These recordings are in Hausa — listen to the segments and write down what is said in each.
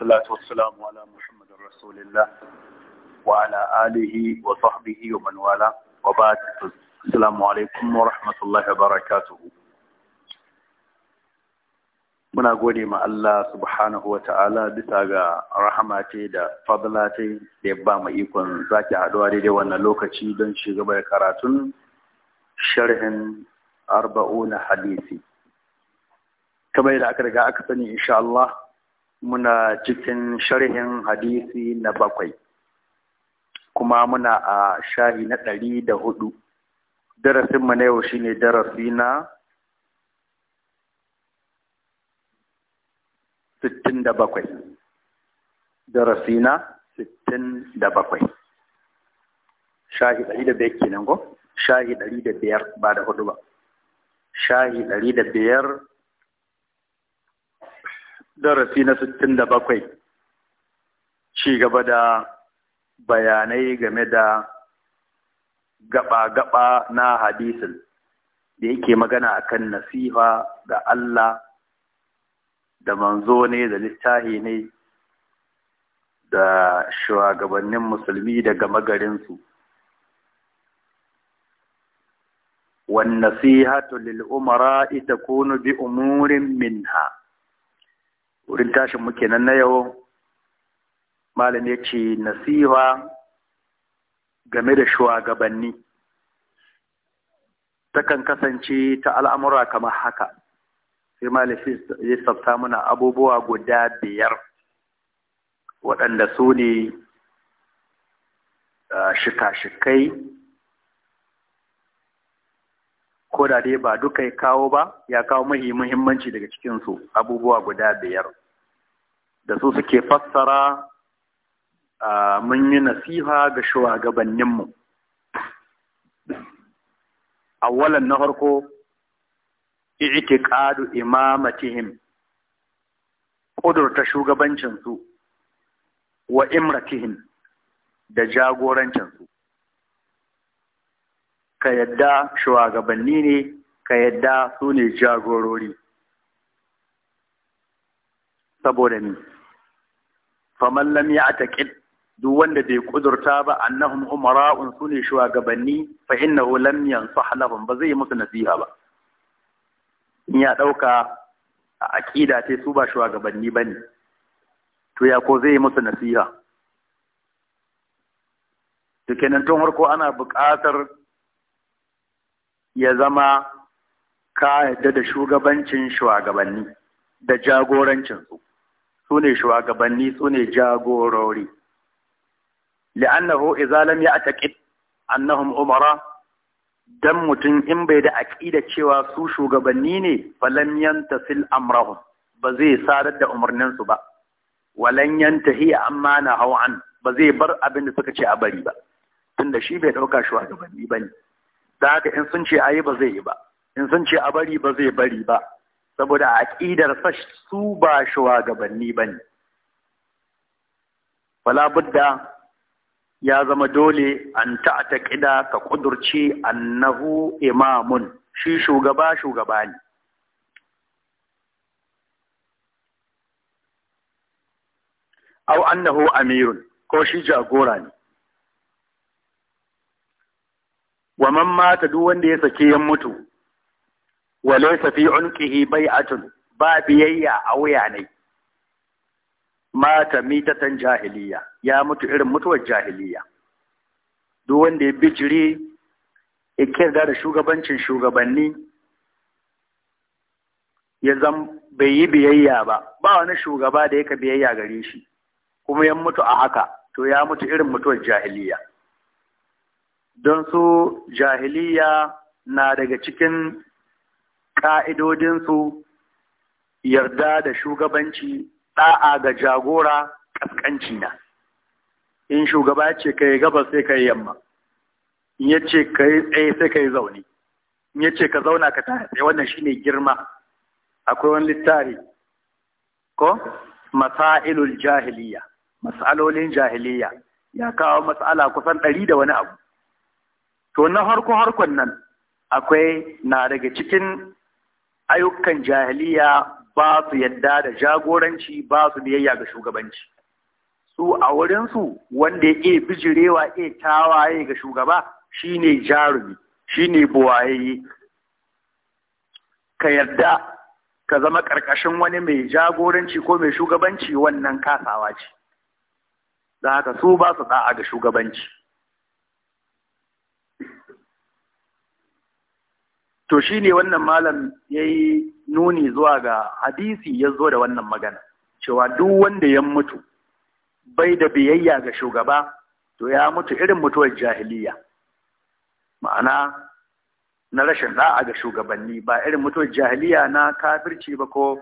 salatu wassalamu ala muhammadin rasulillah wa ala alihi wa sahbihi wa man wala wa ba'd assalamu alaikum wa rahmatullahi wa barakatuhu muna gode ma Allah subhanahu wa ta'ala bisa ga rahama ce da fadla ce da ya ba mu ikon zaki haduwa daidai wannan lokaci don ci gaba da karatun sharhin arba'una hadisi kamar yadda aka riga aka sani insha Allah muna cikin sharhin hadisi na bakwai kuma muna a shahi na ɗari da hudu darasinmu na yau shine darasi na sittin da bakwai darasi na sittin da bakwai shahi ɗari da biyar kenan go shahi ɗari da biyar ba da hudu ba shahi ɗari da biyar darasi na sittin da bakwai ci gaba da bayanai game da gaba-gaba na hadisin da yake magana akan nasiha da Allah da manzo ne da littahi ne da shugabannin musulmi da daga magarinsu والنصيحة bi تكون بأمور منها wurin tashin muke nan na yau malam ya ce nasiha game da shugabanni takan kasance ta al'amura kamar haka sai malam ya sabta mana abubuwa guda biyar waɗanda su ne ah, shika-shikai ko da dai ba duka ya kawo ba ya kawo mahi muhimmanci daga cikinsu abubuwa guda biyar da su suke fassara mun yi nasiha ga shugabanninmu awalan na farko i'tiqadu imamatihim kudurta shugabancinsu wa imratihim da jagorancinsu ka yadda shugabanni ne ka yadda su ne jagorori saboda ni faman a ya'taqid duk wanda bai kudurta ba annahum umara'un su ne shugabanni fa innahu lam yansah lahum ba zai musu nasiha ba in ya ɗauka a aƙida sai su ba shugabanni ba ne, to ya ko zai musu nasiha to tun farko ana buƙatar ya zama ka yadda da shugabancin shugabanni da jagorancinsu su ne shugabanni su ne jagorori li'annahu idza lam ya'taqid annahum umara dan mutum in bai da aƙida cewa su shugabanni ne falam yantasil amrahum ba zai sadar da umarninsu ba walan yantahi amma na hawan ba zai bar abin da suka ce a bari ba tunda shi bai ɗauka shugabanni bane da haka in sun ce a yi ba zai yi ba in sun ce a bari ba zai bari ba saboda a ƙidar sa su ba shugabanni ba ne wala budda ya zama dole an ta'ata ƙida ka ƙudurci annahu imamun shi shugaba shugaba ne au annahu amirun ko shi jagora ne wa man mata duk wanda ya sake ya mutu wa laysa fi unqihi bai'atun ba biyayya a wuya ne mata mitatan jahiliya ya mutu irin mutuwar jahiliya duk wanda ya bijiri ya da shugabancin shugabanni ya zan bai yi biyayya ba ba wani shugaba da yaka biyayya gare shi kuma ya mutu a haka to ya mutu irin mutuwar jahiliya don su jahiliya na daga cikin ƙa'idodinsu yarda da shugabanci ɗa'a ga jagora ƙasƙanci na in shugaba ce ka yi sai ka yamma in ya ce ka tsaye sai ka zaune in ya ce ka zauna ka tara tsaye wannan shi ne girma akwai wani littari ko masailul jahiliya masalolin jahiliya ya kawo matsala kusan ɗari da wani abu to na harko harkon nan akwai na daga cikin ayyukan jahiliya ba su yadda da jagoranci ba su biyayya ga shugabanci su a wurinsu wanda ya iya bijirewa iya tawaye ga shugaba shi ne jarumi shi ne buwaye ka yadda ka zama ƙarƙashin wani mai jagoranci ko mai shugabanci wannan kasawa ce da haka su ba su da'a ga shugabanci to shi ne wannan malam ya yi nuni zuwa ga hadisi ya zo da wannan magana cewa duk wanda ya mutu bai da biyayya ga shugaba to ya mutu irin mutuwar jahiliya ma'ana na rashin da'a ga shugabanni ba irin mutuwar jahiliya na kafirci ba ko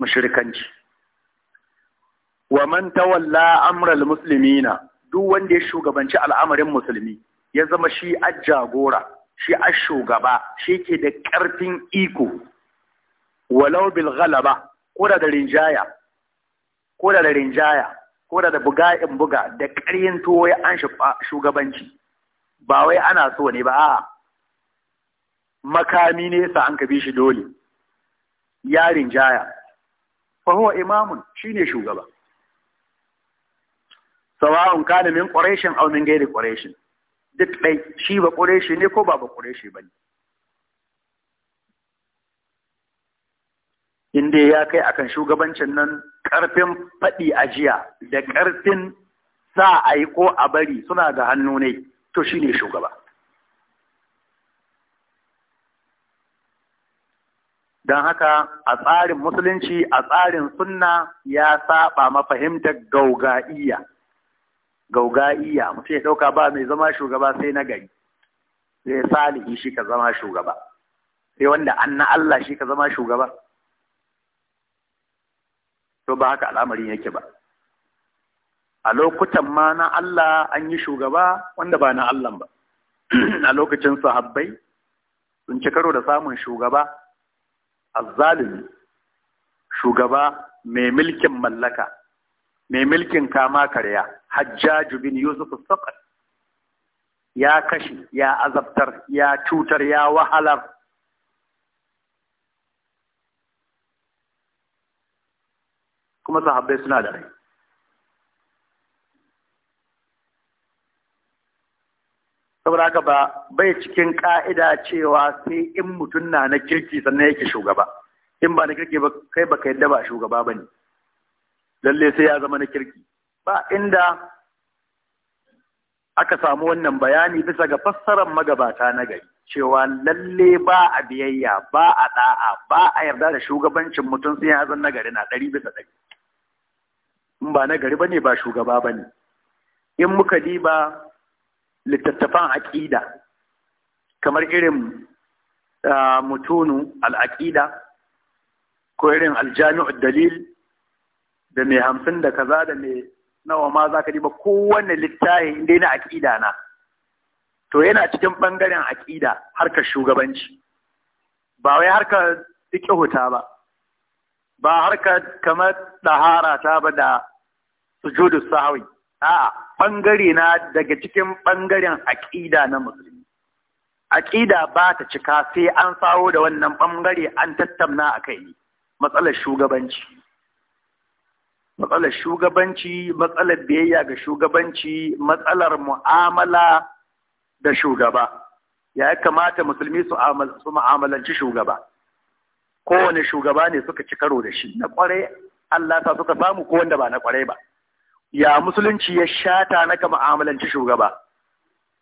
mashirkanci wa man tawalla amral duk wanda ya shugabanci al'amarin musulmi ya zama shi jagora shi a shugaba shi ke da ƙarfin iko walau bil ghalaba ko da da rinjaya ko da da rinjaya ko da da buga in buga da ƙaryin tuwo ya an shugabanci ba wai ana so ne ba makami ne sa an kabi shi dole ya rinjaya fa huwa imamun shine shugaba sawa'un kana min quraishin aw min quraishin duk ɗai shi ba ƙureshi ne ko ba ba ƙureshi ba ne inda ya kai akan shugabancin nan ƙarfin faɗi a jiya da ƙarfin sa a yi ko a bari suna da hannu ne to shi ne shugaba don haka a tsarin musulunci a tsarin sunna ya saba mafahimtar gauga'iyya gauga'iya mutum ya ɗauka ba mai zama shugaba sai na gari sai salihi shi ka zama shugaba sai wanda an na Allah shi ka zama shugaba to ba haka al'amarin yake ba a lokutan ma na Allah an yi shugaba wanda ba na Allah ba a lokacin sahabbai sun ci karo da samun shugaba azzalimi shugaba mai mulkin mallaka mai mulkin kama karya hajjaju bin yusuf saqat ya kashe ya azabtar ya cutar ya wahalar kuma sahabbai suna da rai saboda haka ba bai cikin ka'ida cewa sai in mutum na na kirki sannan yake shugaba in ba na kirki ba kai ba ka yadda ba shugaba ba ne lalle sai ya zama na kirki ba inda aka samu wannan bayani bisa ga fassarar magabata na gari cewa lalle ba a biyayya ba a da'a ba a yarda da shugabancin mutum sai ya zan nagari na ɗari bisa ɗari in ba nagari ba ne ba shugaba ba ne in muka diba littattafan aƙida kamar irin ah, mutunu al'aƙida ko irin aljami'ud dalil da mai hamsin da kaza da mai nawa ma za ka diba kowane littafi inda na aƙida na to yana cikin ɓangaren aƙida harkar shugabanci ba wai harkar huta ba ba harkar kamar ɗahara ta ba da sujudu sahawi a'a ɓangare na daga cikin ɓangaren aƙida na musulmi aƙida ba ta cika sai an sawo da wannan ɓangare an tattauna a kai matsalar shugabanci matsalar shugabanci matsalar biyayya ga shugabanci matsalar mu'amala da shugaba ya kamata musulmi su mu'amalanci shugaba kowane shugaba ne suka ci karo da shi na kwarai Allah sa suka samu ko wanda ba na kwarai ba ya musulunci ya shata naka mu'amalanci shugaba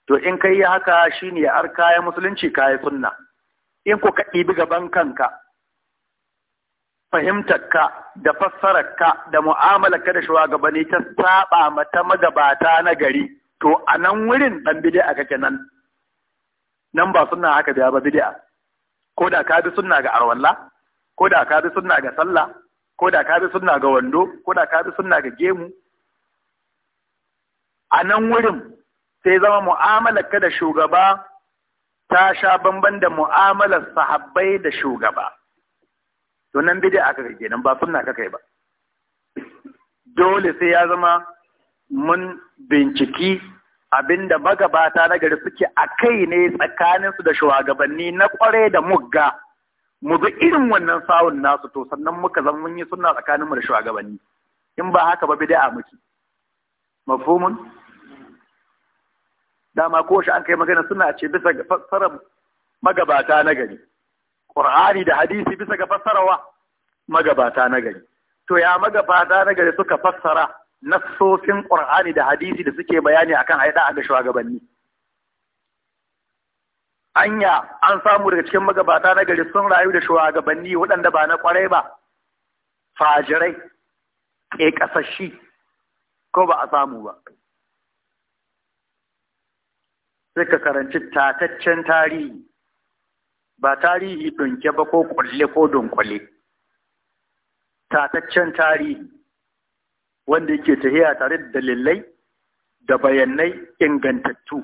to in kai haka shine ya arka ya musulunci kai sunna in ko ka ɗibi gaban kanka fahimtarka da fassararka da mu'amalarka da shugabanni ta saba mata magabata na gari to a nan wurin dan bid'a kake nan nan ba sunna haka biya ba bid'a ko da ka bi sunna ga arwalla ko da ka bi sunna ga sallah ko da ka bi sunna ga wando ko da ka bi sunna ga gemu a nan wurin sai zama mu'amalarka da shugaba ta sha bamban da mu'amalar sahabbai da shugaba to nan dai aka kai kenan ba sunna ka kai ba dole sai ya zama mun binciki abinda magabata na gari suke a kai ne tsakaninsu da shugabanni na kware da mugga mu bi irin wannan sawun nasu to sannan muka zama mun yi sunna tsakaninmu da shugabanni in ba haka ba bid'a muke mafhumun dama ko shi an kai magana suna ce bisa fassarar magabata na gari Qur'ani da hadisi bisa ga fassarawa magabata na gari to ya magabata na gari suka fassara nassosin ƙur'ani da hadisi da suke bayani akan aida ga shugabanni anya an samu daga cikin magabata na gari sun rayu da shugabanni waɗanda ba na kwarai ba fajirai ke ƙasashe ko ba a samu ba sai ka karanci tataccen tarihi ba tarihi dunke ba ko kulle ko dunkule tataccen tarihi wanda yake tahiya tare da dalilai da bayanai ingantattu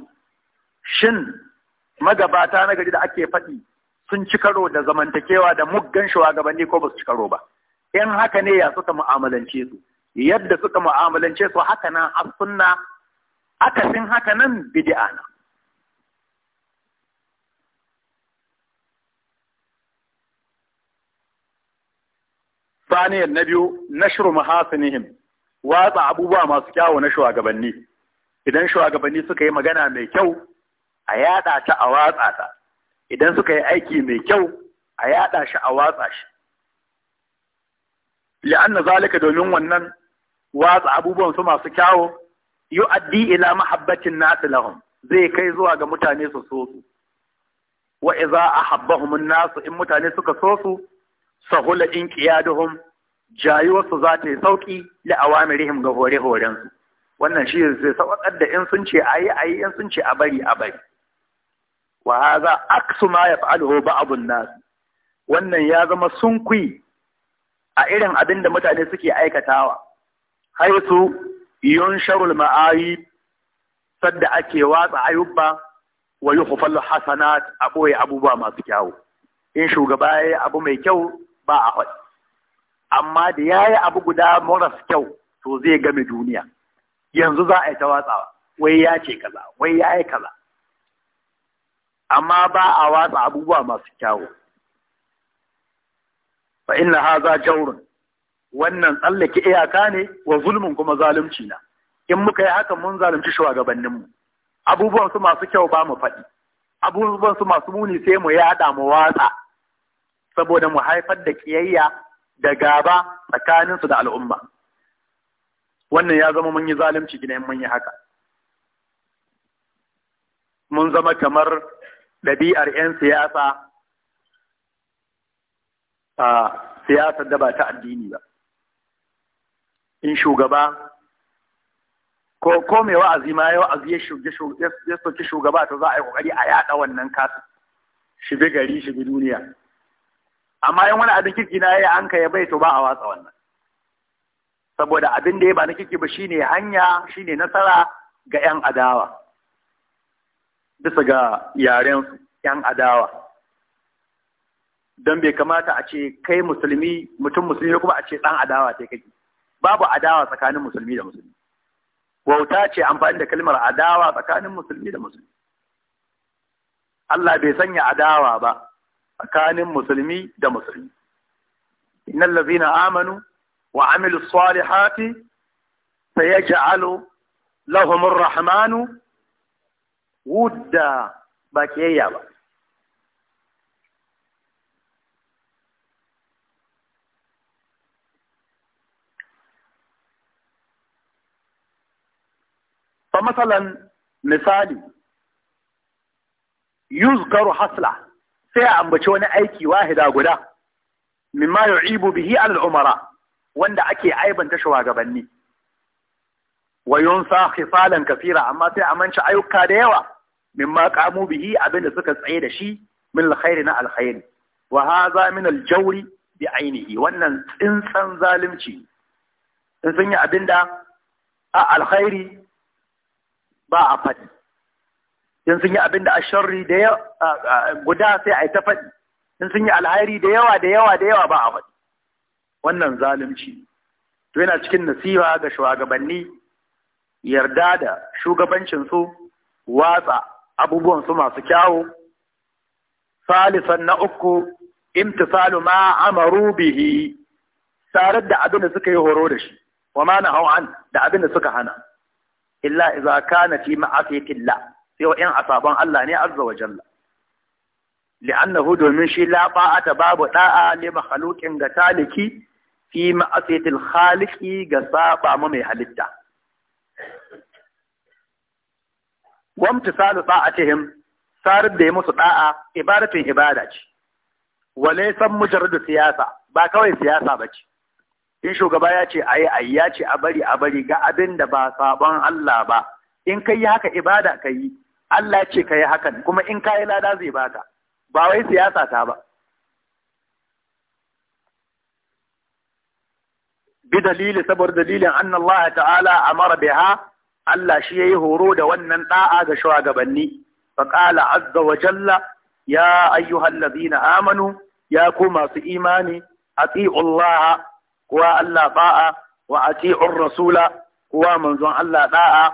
shin magabata na gari da ake faɗi sun ci karo da zamantakewa da muggan shugabanni ko ba su ci karo ba in haka ne ya suka mu'amalance su yadda suka mu'amalance su haka nan as sunna akasin haka nan bid'a na saniyar na biyu na nashru mahasinihim watsa abubuwa masu kyawu na shugabanni idan shugabanni suka yi magana mai kyau a yada ta a watsa ta idan suka yi aiki mai kyau a yaɗa shi a watsa shi li'anna zalika domin wannan watsa abubuwan su masu kyawu yu'addi ila mahabbatin nasu lahum zai kai zuwa ga mutane su so su wa idza ahabbahum nasu in mutane suka so su sahula in qiyaduhum jayuwarsu za ta yi sauƙi li awamirihim ga hore horensu wannan shi sai sauƙaƙar da in sun ce a yi a yi in sun ce a bari a bari wa hadha aksu ma yaf'aluhu ba'dun nasu wannan ya zama sunkui a irin abin da mutane suke aikatawa haisu yunsharul ma'ayi sadda ake watsa ayubba wa yuhfalu hasanat a boye abubuwa masu kyawu in shugaba ya yi abu mai kyau ba a faɗi amma da ya yi abu guda maras kyau to zai game duniya yanzu za a yi ta watsawa wai ya ce kaza wai ya yi kaza amma ba a watsa abubuwa masu kyawu fa inna haza jawrun wannan tsallake iyaka ne wa zulmun kuma zalunci na in muka yi haka mun zalunci shugabanninmu abubuwan su masu kyau ba mu faɗi abubuwan masu muni sai mu yaɗa mu watsa saboda mu haifar da kiyayya da gaba tsakaninsu da al'umma wannan ya zama mun yi zalunci gidan mun yi haka mun zama kamar ɗabi'ar 'yan siyasa a siyasar da ba ta addini ba in shugaba ko ko mai wa'azi ma ya wa'azi shugaba ta za a yi ƙoƙari a yaɗa wannan kasa shi bi gari shi bi duniya amma 'yan wani abin kirki na yayi an ka ya bai to ba a watsa wannan saboda abin da ya ba na kirki ba shine hanya shine nasara ga yan adawa bisa ga yaren yan adawa don bai kamata a ce kai musulmi mutum musulmi kuma a ce dan adawa sai kake babu adawa tsakanin musulmi da musulmi wauta ce amfani da kalmar adawa tsakanin musulmi da musulmi Allah bai sanya adawa ba تكانم مسلمي ده مسلمي إن الذين آمنوا وعملوا الصالحات سيجعل لهم الرحمن ودا باكي فمثلا مثالي يذكر حصله sai a ambaci wani aiki wahida guda mimma yu'ibu bihi al-umara wanda ake aibanta shugabanni wa yunsa khifalan kathira amma sai a manci ayyuka da yawa mimma qamu bihi abinda suka tsaye da shi min alkhairi na alkhairi wa hadha min bi ainihi wannan tsintsan zalunci in sun yi abinda a alkhairi ba a fadi in sun yi abin da a sharri da guda sai a yi ta faɗi in sun yi alhairi da yawa da yawa da yawa ba a faɗi wannan zalunci to yana cikin nasiha ga shugabanni yarda da shugabancinsu watsa abubuwan su masu kyawu salisan na uku imtisalu ma amaru bihi tare da abin da suka yi horo da shi wa ma nahau an da abin da suka hana illa idza kana fi ma'asiyatillah cewa ‘yan sabon Allah ne arza wa jalla. Li'annahu domin shi laɓa ta babu ɗa'a ne mahalukin ga taliki fi ma'asitin haliki ga saba ma mai halitta. Wamta salu him, sarar da ya musu ɗa'a, ibadatin ibada ce. Wale san mujarradu siyasa, ba kawai siyasa ba ce. in shugaba ya ce a yi a ce a bari a bari ga abin da ba sabon Allah ba in kai yi haka ibada ka yi Allah ce ka yi hakan kuma in ka yi lada zai baka ba wai siyasa ta ba bi dalili saboda dalilin anna Allah ta'ala amara biha Allah shi ya yi horo da wannan ɗa'a ga shugabanni fa qala azza wa jalla ya ayyuhallazina amanu ya ku masu imani ati'u Allah wa Allah ba'a wa ati'u rasula wa manzon Allah ɗa'a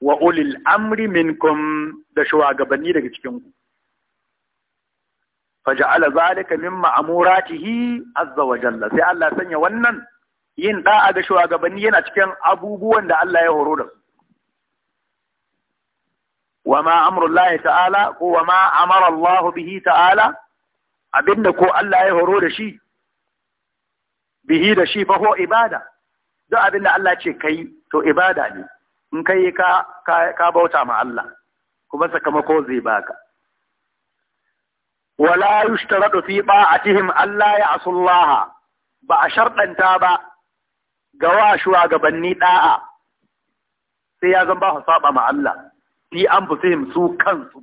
wa ulil amri minkum da shugabanni daga cikin ku faja'ala zalika min ma'muratihi azza wa jalla sai Allah sanya wannan yin da'a ga shugabanni yana cikin abubuwan da Allah ya horo da su wa ma amrullahi ta'ala ko wa ma amara Allah bihi ta'ala abinda ko Allah ya horo da shi bihi da shi fa ho ibada duk abinda Allah ce kai to ibada ne in kai ka ka bauta ma Allah kuma sakamako zai baka wala yushtaratu fi ta'atihim Allah ya asullaha. ba a sharɗanta ba ga wa shugabanni da'a sai ya zan ba su saba ma Allah fi anfusihim su kansu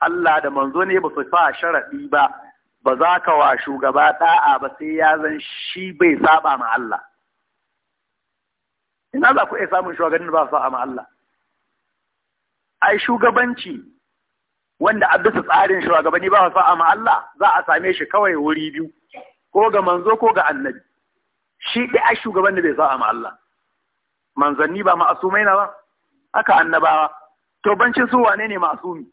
Allah da manzo ne ba su fa sharaɗi ba ba za ka wa shugaba da'a ba sai ya zan shi bai saba ma Allah ina za ku iya samun shugabannin ba su ma Allah ai shugabanci wanda a bisa tsarin shugabanni ba su ma Allah za a same shi kawai wuri biyu ko ga manzo ko ga annabi shi dai a shugaban da bai sa ma Allah manzanni ba ma'asumai na ba haka annabawa to bancin su wane ne ma'asumi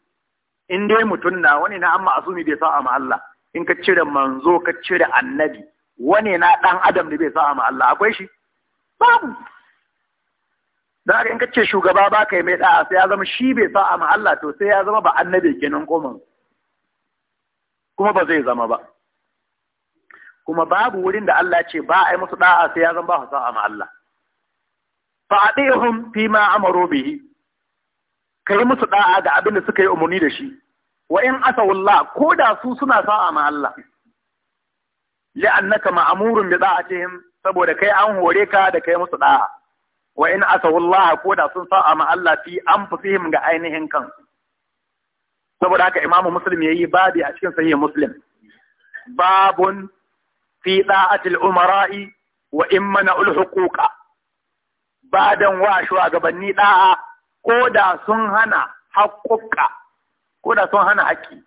in dai mutum na wani na an ma'asumi bai sa ma Allah in ka cire manzo ka cire annabi wane na dan adam da bai sa ma Allah akwai shi babu da ka in kace shugaba ba kai mai da'a sai ya zama shi bai sa a Allah to sai ya zama ba annabi kenan kuma kuma ba zai zama ba kuma babu wurin da Allah ce ba a yi musu da'a sai ya zama ba sa a Allah fa adihum fi ma amaru bihi kai musu da'a ga abin da suka yi umarni da shi wa in asawullah ko da su suna sa'a ma Allah li'annaka ma'amurun bi da'atihim saboda kai an hore ka da kai musu da'a wa in asawallaha ko da sun sa'a ma Allah fi an anfusihim ga ainihin kan? saboda haka Imam Muslim yayi babi a cikin sahih Muslim babun fi da'atil umara'i wa in ul huquqa badan wa gabanni da'a ko da sun hana haƙƙuƙa ko da sun hana haƙƙi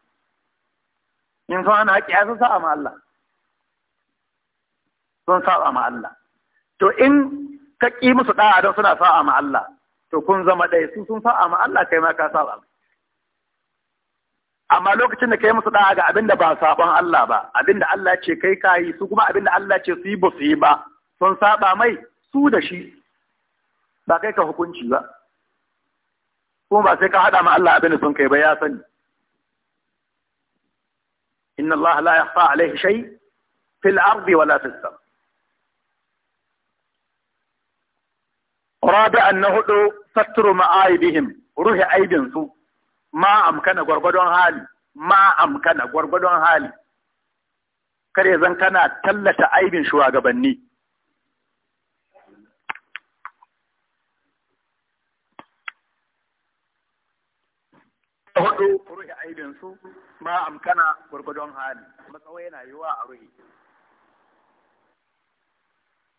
in sun hana haƙƙi ya sun sa'a ma Allah sun sa'a ma Allah to in ka ƙi musu ɗaya don suna sa'a ma Allah to kun zama ɗaya su sun sa'a ma Allah kai ma ka saba amma lokacin da kai musu ɗaya ga abin da ba saɓon Allah ba abin da Allah ce kai ka yi su kuma abin da Allah ce su yi ba su yi ba sun saɓa mai su da shi ba kai ka hukunci ba kuma ba sai ka haɗa ma Allah abin da sun kai ba ya sani inna Allah la yakhfa alaihi shay fil ardi wala fis sama rabi'an na hudu satru ma'aibihim ruhi aibin su ma amkana gwargwadon hali ma amkana gwargwadon hali kare zan kana tallata aibin shugabanni hudu ruhi aibin su ma amkana gwargwadon hali matsawai yana yiwa a ruhi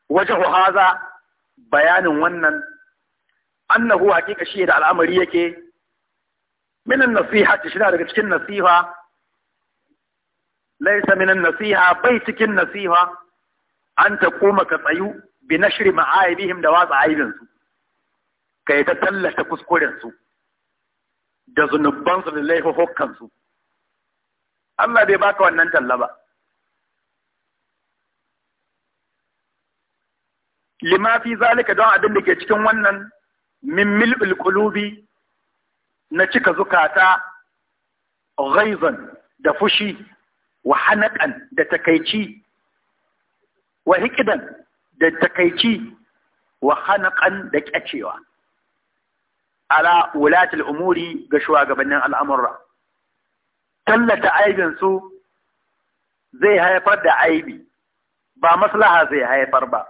wajahu haza bayanin wannan annahu haƙiƙa shi da al'amari yake minan nasiha shi daga cikin nasiha laisa minan nasiha bai cikin nasiha an ta koma ka tsayu bi nashri ma'aibihim da watsa aibinsu ka yi ta tallata kuskurensu da zunubbansu da laifukansu Allah bai baka wannan talla ba lima fi zalika don abin da ke cikin wannan min mil'ul qulubi na cika zukata ghaizan da fushi wa da takaici wa hikidan da takaici wa da kyacewa ala wulatul umuri ga shugabannin al'amura. tallata aibinsu zai haifar da aibi ba maslaha zai haifar ba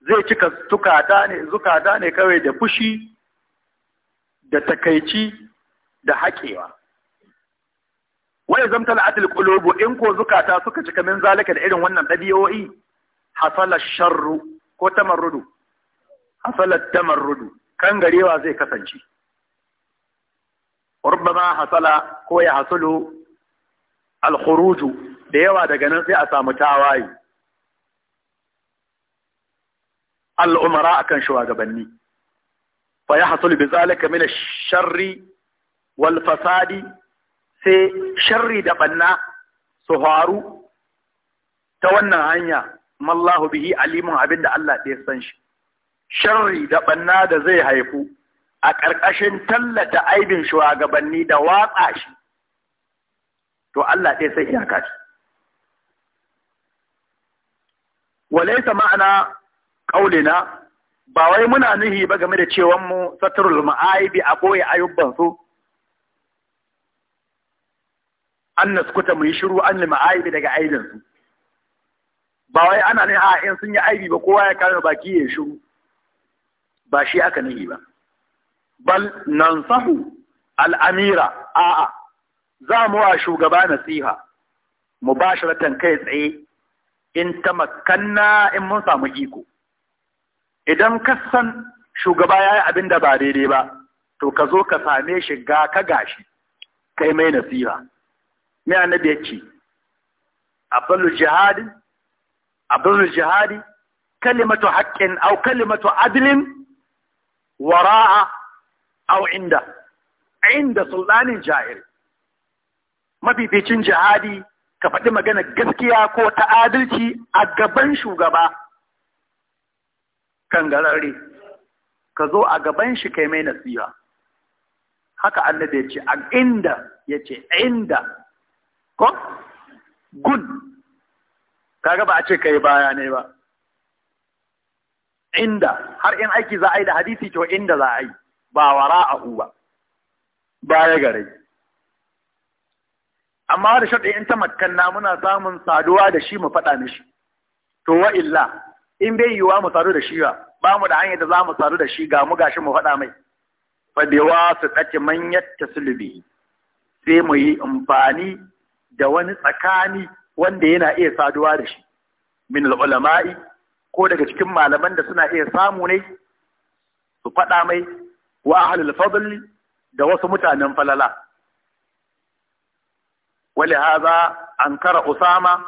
zai cika tukata ne zukata ne kawai da fushi da takaici da haƙewa wai zamta la'atul qulubu in ko zukata suka cika min zalika da irin wannan dabi'o'i hasala sharru ko tamarrudu hasala tamarrudu kan garewa zai kasance rubbama hasala ko ya hasulu al da yawa daga nan sai a samu tawaye al'umara akan shugabanni fa ya hasulu bi zalika min sharri wal fasadi sai sharri da banna su faru ta wannan hanya mallahu bihi alimun abinda Allah ɗaya san shi sharri da ɓanna da zai haifu a ƙarƙashin tallata aibin shugabanni da watsa shi to Allah ɗaya sai iyaka shi walaysa ma'ana kaulina ba wai muna nuhi ba game da cewan mu satrul ma'aibi a boye ayyuban su an naskuta mu yi shiru an lima ma'aibi daga aibin su ba wai ana ne a in sun yi aibi ba kowa ya kare baki ya shiru ba shi aka nuhi ba bal nansahu al'amira a'a za mu wa shugaba nasiha mu ba kai tsaye in ta makanna in mun samu iko idan ka san shugaba ya yi abin da ba daidai ba to ka zo ka same shi ga ka gashi kai mai nasiha me annabi ya ce abdul jihadi jihadi kalimatu haƙƙin au kalimatu adlin wara'a au inda inda sultanin jahil mafificin jihadi ka faɗi magana gaskiya ko ta adalci a gaban shugaba kangararre ka zo a gaban shi kai mai nasiha haka Allah ya ce a inda ya ce inda ko gun kaga ba a ce kai baya ne ba inda har in aiki za a yi da hadisi to inda za a yi ba wara a ba baya gare amma da shaɗin in ta makanna muna samun saduwa da shi mu faɗa mishi to wa illa in bai yiwa mu sadu da shi ba ba mu da hanyar da za mu sadu da shi ga mu gashi mu faɗa mai fadewa su ɗace manyan tasulubi sai mu yi amfani da wani tsakani wanda yana iya saduwa da shi min ulama'i ko daga cikin malaman da suna iya samu ne su faɗa mai wa ahlul fadli da wasu mutanen falala ولهذا ankara usama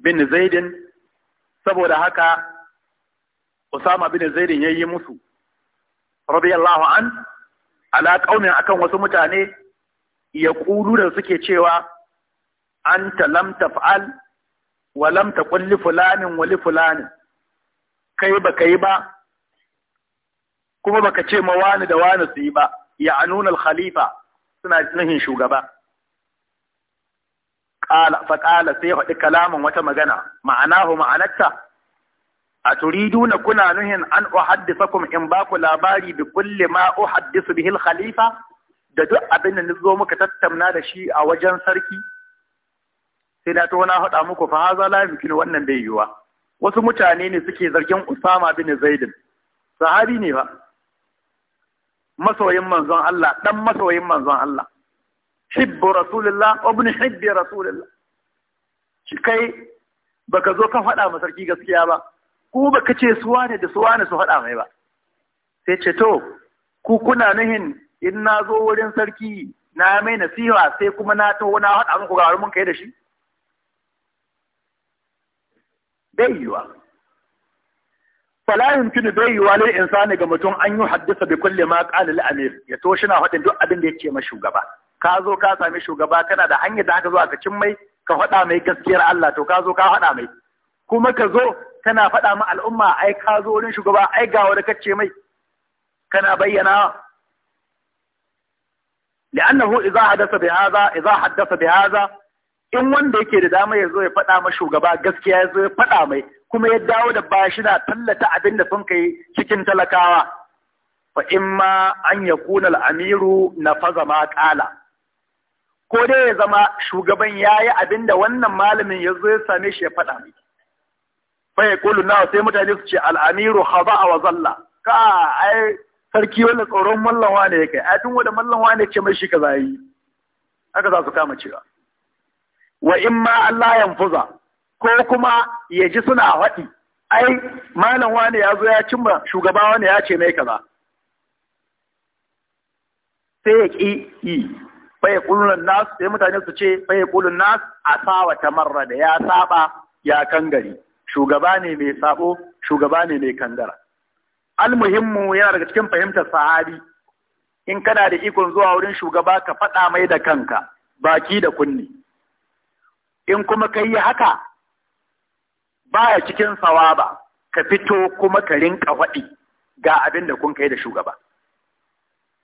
bin Zaidin. saboda haka Usama bin Zaidin yi musu radiyallahu an ala qaumin akan wasu mutane ya kulu da suke cewa anta lam taf'al wa lam taqul li fulanin wa li fulanin kai baka yi ba kuma baka ce ma wani da wani su yi ba ya anuna khalifa suna nuhin shugaba faƙala sai faɗi kalamin wata magana ma'anahu ma'anarta a turiduna kuna nuhin an uhaddisakum in ba ku labari bi kulli ma uhaddisu bihil khalifa da duk abin da muka tattauna da shi a wajen sarki sai na tona faɗa muku fa haza la yumkinu wannan bai yiwa wasu mutane ne suke zargin Usama bin Zaid sahabi ne ba masoyin manzon Allah dan masoyin manzon Allah hibbu rasulullah wa ibn hibbi shi kai baka zo kan faɗa ma sarki gaskiya ba ko baka ce suwa ne da suwa ne su faɗa mai ba sai ce ku kuna nuhin in na zo wurin sarki na mai nasiha sai kuma na taho na faɗa muku ga mun da shi bai yiwa fala yumkinu bai yiwa lil insani ga mutum an yi haddasa bi kulli ma qala al shi na faɗin duk abin da ce ma shugaba ka zo ka sami shugaba kana da hanyar da haka zo aka cin mai ka faɗa mai gaskiyar Allah to ka zo ka faɗa mai kuma ka zo kana faɗa ma al'umma ai ka zo wurin shugaba ai ga wani kacce mai kana bayyana li'annahu idza hadasa bi hadha idza haddasa bi in wanda yake da dama yazo ya faɗa ma shugaba gaskiya ya zo ya faɗa mai kuma ya dawo da baya na tallata abin da sun kai cikin talakawa fa imma an yakuna al-amiru nafaza ma qala ko dai ya zama shugaban ya yi abin da wannan malamin ya zo ya same shi ya faɗa mai fa ya kulu na sai mutane su ce al'amiru haba wa zalla ka ai sarki wanda tsoron mallan wane kai, ai tun wanda mallan wane ce mai shi kaza yi haka za su kama cewa wa in ma Allah ya yanfuza ko kuma ya ji suna haɗi ai malam wane ya zo ya cimma shugaba wane ya ce mai kaza sai ya ƙi yi fa yaqulun nas sai mutane su ce fa A nas ta tamarra da ya saba ya kangari shugaba ne mai sabo shugaba ne mai kangara almuhimmu yana daga cikin fahimtar sahabi in kana da ikon zuwa wurin shugaba ka faɗa mai da kanka baki da kunni in kuma ka yi haka baya cikin sawaba ka fito kuma ka rinka waɗi ga abin da kun kai da shugaba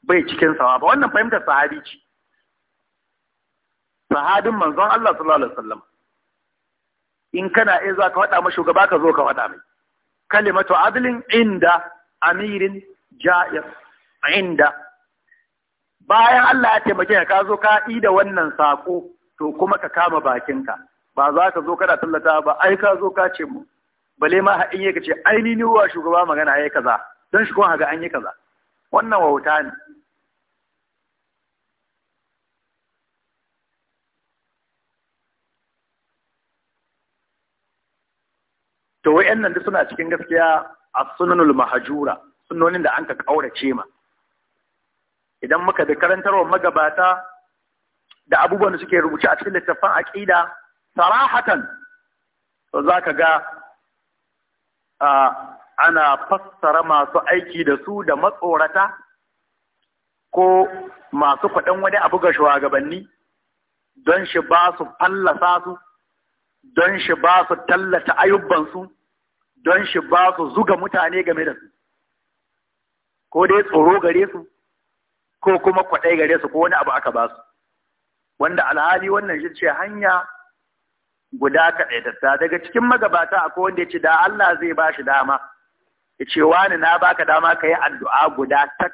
bai cikin sawaba wannan fahimtar sahabi ce sahabin manzon Allah sallallahu alaihi wasallam in kana eh za ka faɗa ma shugaba ka zo ka faɗa mai kalimatu adlin inda amirin ja'ir inda bayan Allah ya taimake ka zo ka yi da wannan sako to kuma ka kama bakinka ba za ka zo kana tallata ba ai ka zo ka ce mu bale ma ha yake ce ai ni ne wa shugaba magana ai kaza dan shi kuma ga an yi kaza wannan wauta ne to nan da suna cikin gaskiya a sunanul mahjura sunnonin da anka kaurace ma idan muka bi karantarwar magabata da abubuwan da suke rubuce a cikin littattafan aqida sarahatan to zaka ga ana fassara masu aiki da su da matsorata ko masu kwaɗan wani abu ga shugabanni don shi ba su fallasa su don shi ba su tallata ayyubansu don shi ba su zuga mutane game da su ko dai tsoro gare su ko kuma kwaɗai gare su ko wani abu aka ba su wanda alhali wannan shi ce hanya guda kaɗaitatta daga cikin magabata akwai wanda ya ce da Allah zai ba shi dama ya ce wani na baka dama ka yi addu'a guda tak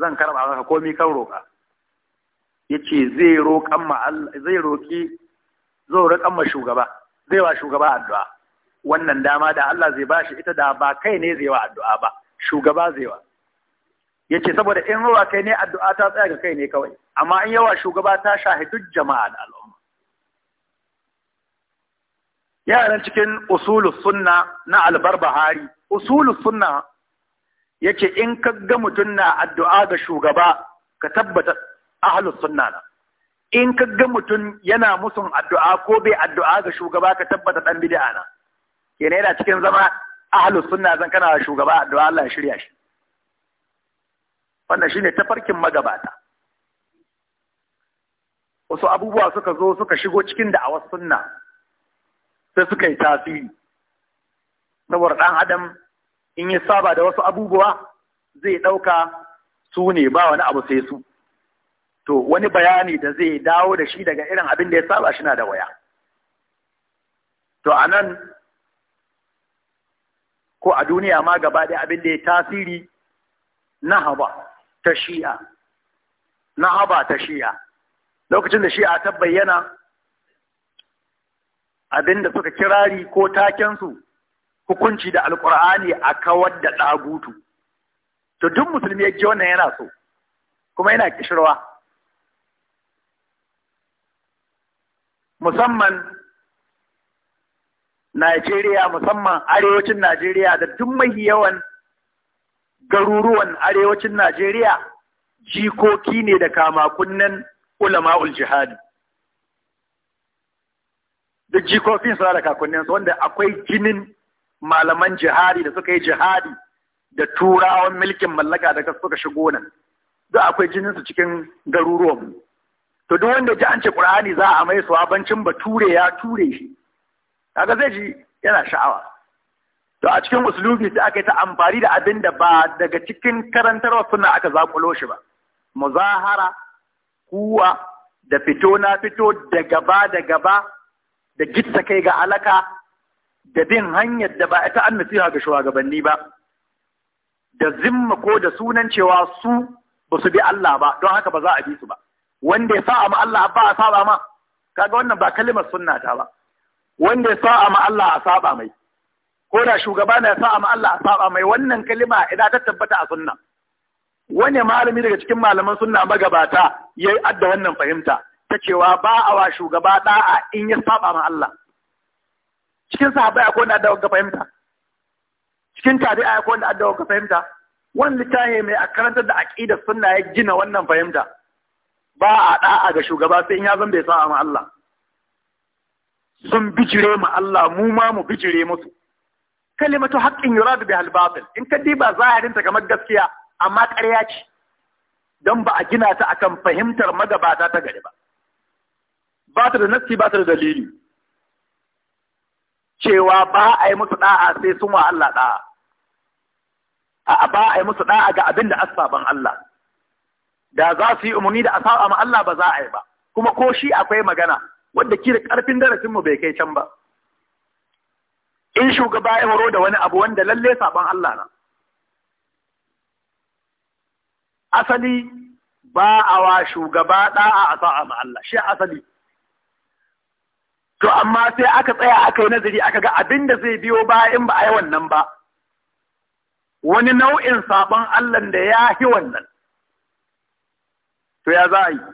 zan karɓa maka komi kan roƙa ya ce zai roƙan ma zai roƙi zai roƙan ma shugaba zai ba shugaba addu'a wannan dama da Allah zai ba shi ita da ba kai ne zai wa addu'a ba shugaba zai wa yace saboda in ruwa kai ne addu'a ta tsaya ga kai ne kawai amma in yawa shugaba ta shahi duk jama'a da al'umma yaran cikin usulus sunna na albarbahari usulus sunna yace in ka ga mutum na addu'a ga shugaba ka tabbata ahlus sunna na in ka ga mutum yana musun addu'a ko bai addu'a ga shugaba ka tabbata dan bid'a na kenan yana cikin zama ahlus sunna zan kana shugaba da Allah ya shirya shi wannan shine tafarkin magabata wasu abubuwa suka zo suka shigo cikin da'awar sunna sai suka yi tasiri saboda ɗan adam in yi saba da wasu abubuwa zai ɗauka su ne ba wani abu sai su to wani bayani da zai dawo da shi daga irin abin da ya saba shi na da waya to anan ko a duniya ma gaba ɗaya abin da ya tasiri na haba ta shi'a na haba ta shi'a lokacin da shi'a ta bayyana abin da suka kirari ko takensu hukunci da alkur'ani a kawar da ɗagutu to duk musulmi ya ji wannan yana so kuma yana kishirwa musamman Najeriya musamman arewacin Najeriya da duk mai yawan garuruwan arewacin Najeriya jikoki ne da kama kunnen ulama'ul jihadi. Duk jikofin suna da kakunninsu wanda akwai jinin malaman jihadi da suka yi jihadi da turawan milkin mallaka da suka shigo nan. Duk akwai jininsu cikin garuruwanmu. To duk wanda ji an ce Ƙur'ani za a mai su abancin ture ya ture shi. kaga zai ji yana sha'awa to a cikin uslubi sai aka yi ta amfani da abin da ba daga cikin karantarwa suna aka zakulo shi ba muzahara kuwa da fito na fito da gaba da gaba da gitta kai ga alaka da bin hanyar da ba ita an nasiha ga shugabanni ba da zimma ko da sunan cewa su ba su bi Allah ba don haka ba za a bi su ba wanda ya sa'a ma Allah ba a saba ma kaga wannan ba kalimar sunna ta ba wanda ya sa'a ma Allah a saba mai ko da shugaba na ya sa'a ma Allah a saba mai wannan kalima idan ta tabbata a sunna wani malami daga cikin malaman sunna magabata ya yi adda wannan fahimta ta cewa ba a wa shugaba da'a in ya saba ma Allah cikin sahabai akwai wanda adda wanka fahimta cikin tabi'a akwai wanda adda wanka fahimta wani littafi mai a karantar da aqidar sunna ya gina wannan fahimta ba a da'a ga shugaba sai in ya zan bai sa'a ma Allah sun bijire ma Allah mu ma mu bijire musu kalimatu haqqin yuradu bihal batil in ka diba zahirin ta kamar gaskiya amma ƙarya ce don ba a gina ta a kan fahimtar magabata ta gari ba ba ta da nassi ba ta da dalili cewa ba a yi musu ɗa'a sai sun wa Allah da'a a ba a yi musu da'a ga abin da asaban Allah da za su yi umarni da asaba ma Allah ba za a yi ba kuma ko shi akwai magana wadda kira karfin darasin mu bai kai can ba in shugaba ya horo da wani abu wanda lalle saban Allah na asali ba a wa shugaba da'a a sa'a ma Allah shi asali to amma sai aka tsaya aka yi nazari aka ga abin da zai biyo bayan in ba a yi wannan ba wani nau'in saban Allah da ya yi wannan to ya za a yi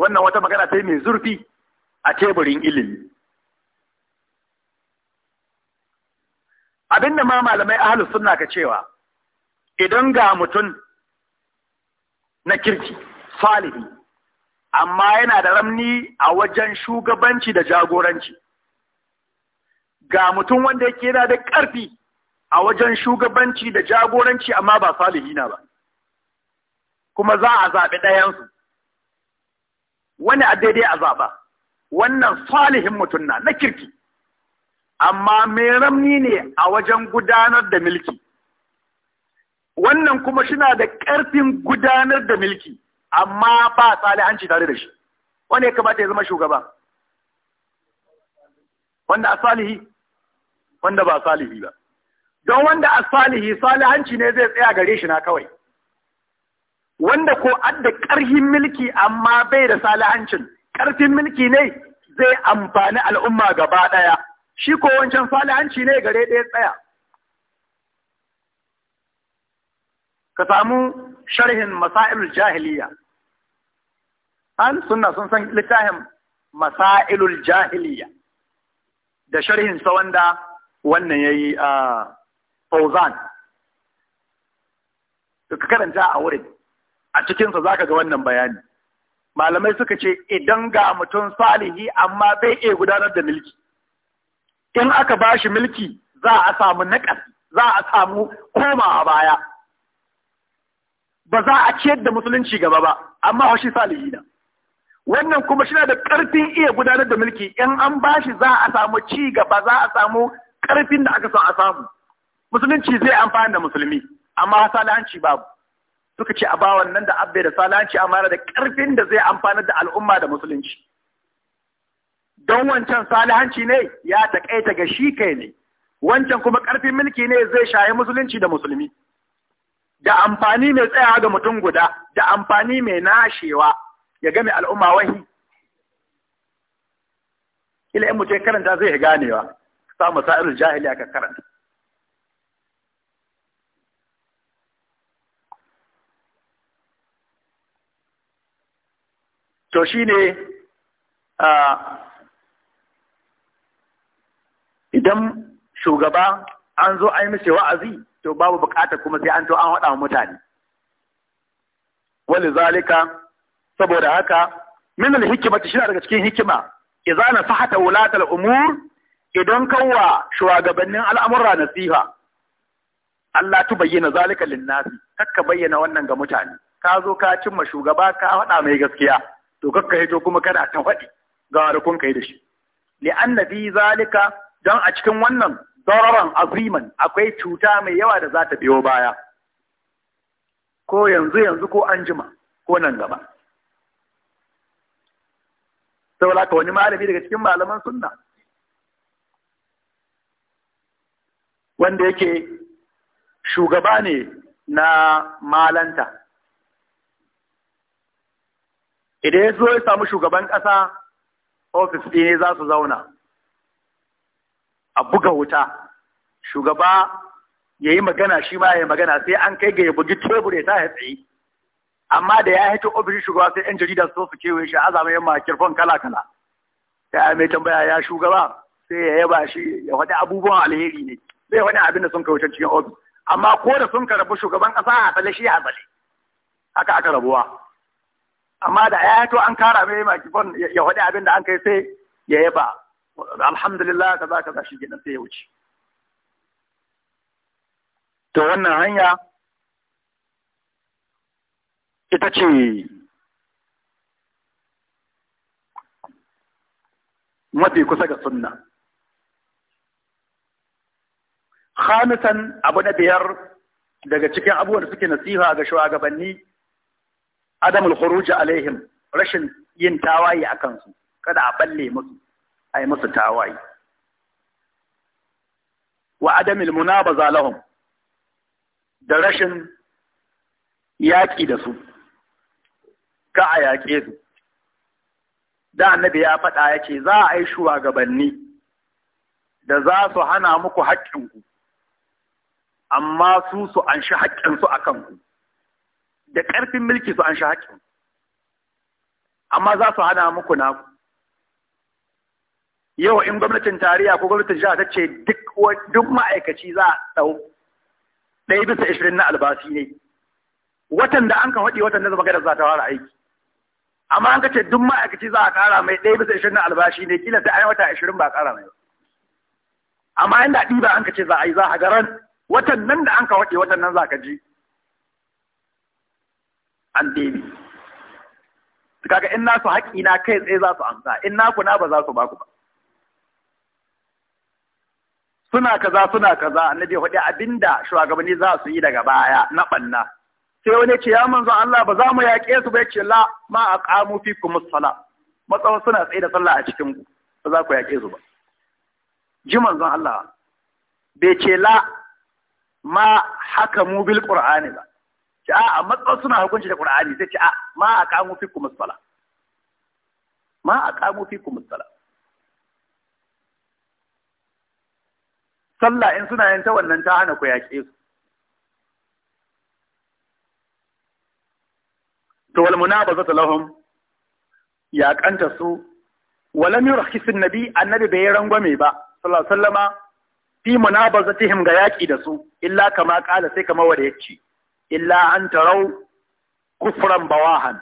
wannan wata magana ta mai zurfi a teburin ilimi Abin da ma malamai ahalus suna ka cewa idan ga mutum na kirki falihi, amma yana da ramni a wajen shugabanci da jagoranci ga mutum wanda yake yana da ƙarfi a wajen shugabanci da jagoranci amma ba salihi na ba kuma za a zaɓi ɗayansu wani a daidai a zaɓa wannan salihin mutum na na kirki amma mai ramni ne a wajen gudanar da milki wannan kuma shina da ƙarfin gudanar da milki amma ba salihanci tare da shi wani ya kamata ya zama shugaba wanda a salihi wanda ba salihi ba don wanda a salihi salihanci ne zai tsaya gare shi na kawai wanda ko adda ƙarfin mulki amma bai da salihancin ƙarfin milki ne zai amfani al'umma gaba ɗaya shi ko wancan salihanci ne gare ɗaya tsaya ka samu sharhin masailul jahiliya an suna sun san littafin masailul jahiliya da sharhin sa da wannan yayi a fauzan ka karanta a wurin a cikinsa za ka ga wannan bayani malamai suka ce idan ga mutum salihi amma bai iya gudanar da milki in aka ba shi milki za a samu naƙas za a samu komawa baya ba za a ciyar da musulunci gaba ba amma shi salihi na wannan kuma shi da ƙarfin iya gudanar da milki in an ba shi za a samu ci gaba za a samu ƙarfin da aka so a samu musulunci zai amfani da musulmi amma salihanci babu suka ce a ba wannan da abbe da salanci amana da ƙarfin da zai amfanar da al'umma da musulunci don wancan salihanci ne ya taƙaita ga shi kai ne wancan kuma ƙarfin mulki ne zai shaye musulunci da musulmi da amfani mai tsayawa ga mutum guda da amfani mai nashewa ya game al'umma wahi ila in mutum karanta zai ganewa samu sa'irul jahili ka karanta to shine a idan shugaba an zo an yi mishi wa'azi to babu bukata kuma sai an to an haɗa mutane wali zalika saboda haka min al hikima shi daga cikin hikima iza nasahata fahata wulatar umur idan kawwa shugabannin al'amura nasiha Allah tu bayyana zalika linnasi kakka bayyana wannan ga mutane ka zo ka cimma shugaba ka haɗa mai gaskiya to kakka hito kuma kana ta faɗi ga rukun kai da shi li annabi zalika don a cikin wannan dararan aziman akwai cuta mai yawa da za ta biyo baya ko yanzu yanzu ko an ko nan gaba saboda ka wani malami daga cikin malaman sunna wanda yake shugaba ne na malanta idan ya zo ya samu shugaban ƙasa ofis ne za su zauna a buga wuta shugaba ya yi magana shi ma ya magana sai an kai ga ya bugi tebur ya ta ya tsaye amma da ya hito ofishin shugaba sai yan jarida su su kewaye shi azama yamma kirfon kala kala sai a mai tambaya ya shugaba sai ya yaba shi ya faɗi abubuwan alheri ne sai wani abin da sun kai wutar cikin ofis amma ko da sun karɓi shugaban ƙasa a tsale shi a tsale haka aka rabuwa amma da ya to an kara mai makifon ya faɗi abin da an kai sai ya yaba alhamdulillah kaza kaza shi kenan sai ya wuce to wannan hanya ita ce mafi kusa ga sunna khamisan abu na biyar daga cikin abubuwan da suke nasiha ga shugabanni adamul khuruj alaihim rashin yin tawaye a kansu kada a balle musu a musu tawaye wa adamil munabaza lahum da rashin yaƙi da su ka a yaƙe su da annabi ya faɗa ya ce za a yi shugabanni da za su hana muku haƙƙinku amma su su anshi shi haƙƙinsu a kanku da ƙarfin mulki su an sha haƙƙin amma za su hana muku naku yau in gwamnatin tarayya ko gwamnatin jiha ta ce duk ma'aikaci za a ɗau ɗaya bisa ishirin na albashi ne watan da an ka faɗi watan da magana za ta fara aiki amma an ka ce duk ma'aikaci za a ƙara mai ɗaya bisa ishirin na albashi ne kila ta an wata ishirin ba a ƙara mai ba amma inda ɗiba an ka ce za a yi za a garan watan nan da an ka faɗi watan nan za ka ji an daini kaga in nasu haƙi na kai tsaye za su amsa in naku na ba za su baku ba suna kaza suna kaza annabi ya faɗi abinda shugabanni za su yi daga baya na ɓanna sai wani ce ya manzo Allah ba za mu yaƙe su ba ce la ma aqamu fikum as-sala matsawa suna tsaye da sallah a cikin ku ba za ku yaƙe su ba ji manzon Allah bai ce la ma haka mu bil qur'ani ba ce a matsar suna hukunci da qur'ani sai ce a ma aqamu fi kuma sala ma aqamu fi kuma sala sallah in suna yin ta wannan ta hana ku yaƙe su to wal munabazatu lahum kanta su walam yurhisin nabi annabi bai rangwame ba sallallahu alaihi wasallama fi munabazatihim ga yaƙi da su illa kama ƙala sai kama wanda ya ce illa an tarau kufran bawahan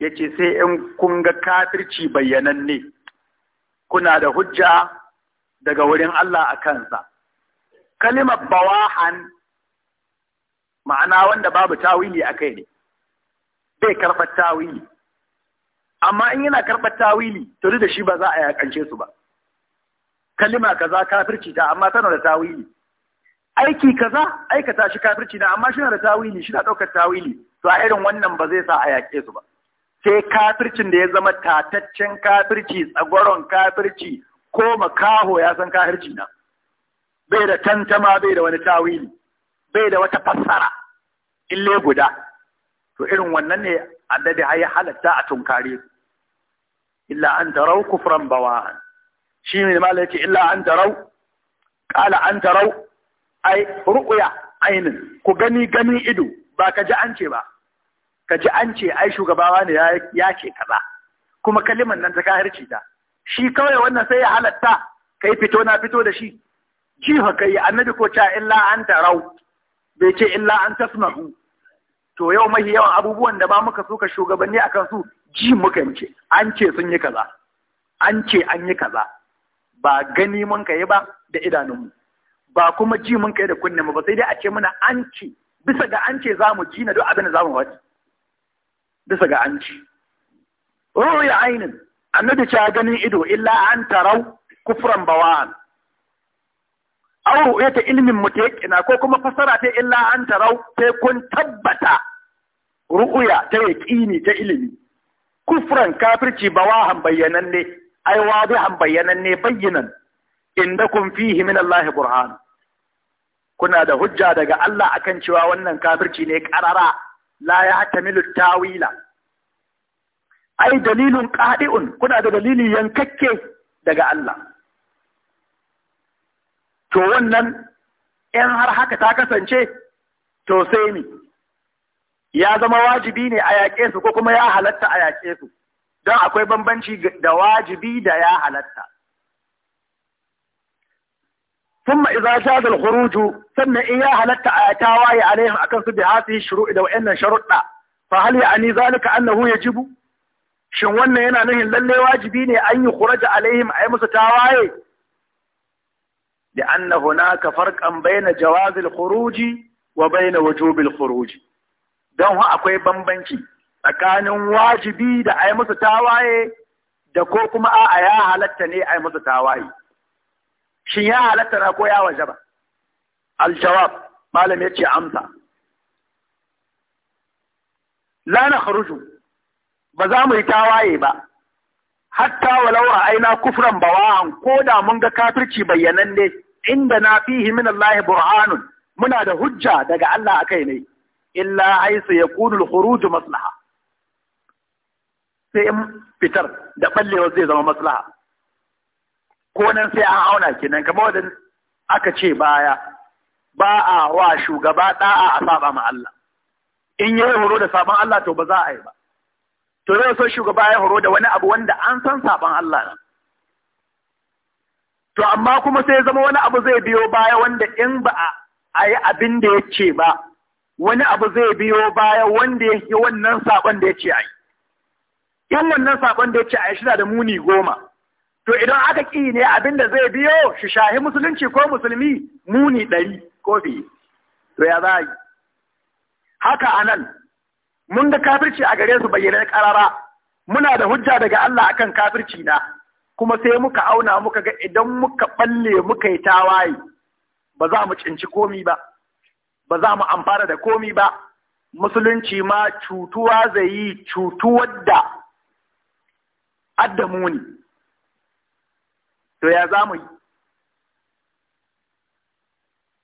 yace sai in kun ga kafirci bayyananne kuna da hujja daga wurin Allah a kansa kalimar bawahan ma'ana wanda babu tawili a kai ne bai karɓar tawili amma in yana karɓar tawili to da shi ba za a yakance su ba kalima kaza kafirci ta amma tana da tawili aiki kaza aikata shi kafirci na amma shina da tawili shina daukar tawili to a irin wannan ba zai sa a yaƙe su ba sai kafircin da ya zama tataccen kafirci tsagoron kafirci ko makaho ya san kafirci na bai da tantama bai da wani tawili bai da wata fassara ille guda to irin wannan ne annabi ai halatta a tunkare su illa an tarau kufran bawa. shi ne malaka illa an tarau qala an tarau ai ruƙuya ainin ku gani gani ido ba ka ji an ce ba ka ji an ce ai shugabawa ne ya ce kaza kuma kalimar nan ta kahirci ta shi kawai wannan sai ya halatta kai fito na fito da shi jiha kai annabi ko ta illa an tarau bai ce illa an tasma'u to yau mahi yawan abubuwan da ba muka so ka shugabanni akan su ji muka ce an ce sun yi kaza an ce an yi kaza ba gani mun kai ba da idanunmu ba kuma ji mun kai da kunne ba sai dai a ce muna an ce bisa ga an ce za mu ji na duk abin da za mu faɗi bisa ga an ce ruya ainin annabi ta ganin ido illa an tarau kufran bawan aw ta ilmin mutaqina ko kuma fasara ta illa an tarau sai kun tabbata ru'uya ta yaqini ta ilimi kufran kafirci bawahan bayyananne ai han bayyananne bayyinan inda kun fihi min Allah burhan kuna da hujja daga Allah akan cewa wannan kafirci ne karara la ya tamilu tawila ai dalilun qadi'un kuna da dalili yankakke daga Allah to wannan in har haka ta kasance to sai ni ya zama wajibi ne a yaƙe su ko kuma ya halatta a yaƙe su don akwai bambanci da wajibi da ya halatta ثم إذا جاز الخروج ثم إياها للتعتاوى عليهم أكنس بهذه الشروط لو إن شرطنا فهل يعني ذلك أنه يجب شنونا هنا نهن للي واجبين أن يخرج عليهم أي مستعواي لأن هناك فرقا بين جواز الخروج وبين وجوب الخروج don akwai bambanci tsakanin wajibi da ai musu tawaye da ko kuma a'a ya halatta ne ai musu tawaye shin ya halatta na ko ya ba? aljawab malam ya ce amsa la na ba za mu yi tawaye ba hatta walau aina kufran bawahan ko da mun ga kafirci ne, inda na fihi min Allah burhanun muna da hujja daga Allah akai ne illa aisa ya al maslaha sai in fitar da ballewa zai zama maslaha ko nan sai an auna kenan kamar wanda aka ce baya ba a wa shugaba da'a a saba ma Allah in yayi horo da saban Allah to ba za a yi ba to zai so shugaba ya horo da wani abu wanda an san saban Allah ne to amma kuma sai zama wani abu zai biyo baya wanda in ba a yi abin da ya ce ba wani abu zai biyo baya wanda ya yi wannan saban da ya ce a yi in wannan saban da ya ce a yi shi da muni goma to idan aka ƙi ne abin da zai biyo shi shahi musulunci ko musulmi muni ɗari ko biyu to ya za yi haka anan mun ga kafirci a gare su bayyana karara muna da hujja daga Allah akan kafirci na kuma sai muka auna muka ga idan muka balle muka yi tawaye ba za mu cinci komi ba ba za mu amfana da komi ba musulunci ma cutuwa zai yi cutuwar da ne. to ya za mu yi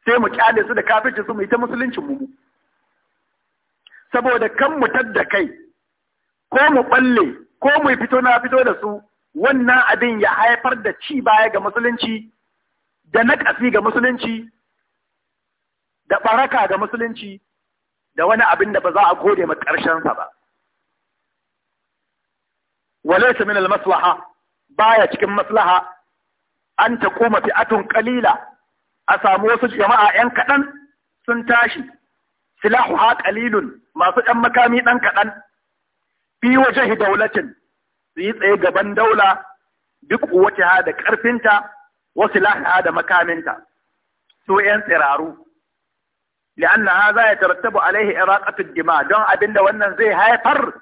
sai mu kyale su da kafirci su mu yi ta musuluncin mu saboda kan mu tadda kai ko mu balle ko mu fito na fito da su wannan abin ya haifar da ci baya ga musulunci da nakasi ga musulunci da ɓaraka ga musulunci da wani abin da ba za a gode ma ƙarshensa ba walaysa min al-maslaha baya cikin maslaha an ta koma fi'atun kalila a samu wasu jama'a ‘yan kaɗan sun tashi, silahu ha kalilun masu ɗan makami ɗan kaɗan, fi waje daulatin su yi tsaye gaban daula duk wace ha da ƙarfinta wasu laha da makaminta, su ‘yan tsiraru. Li'anna ha za ya tarattabu alaihi iraƙatun dima don abinda wannan zai haifar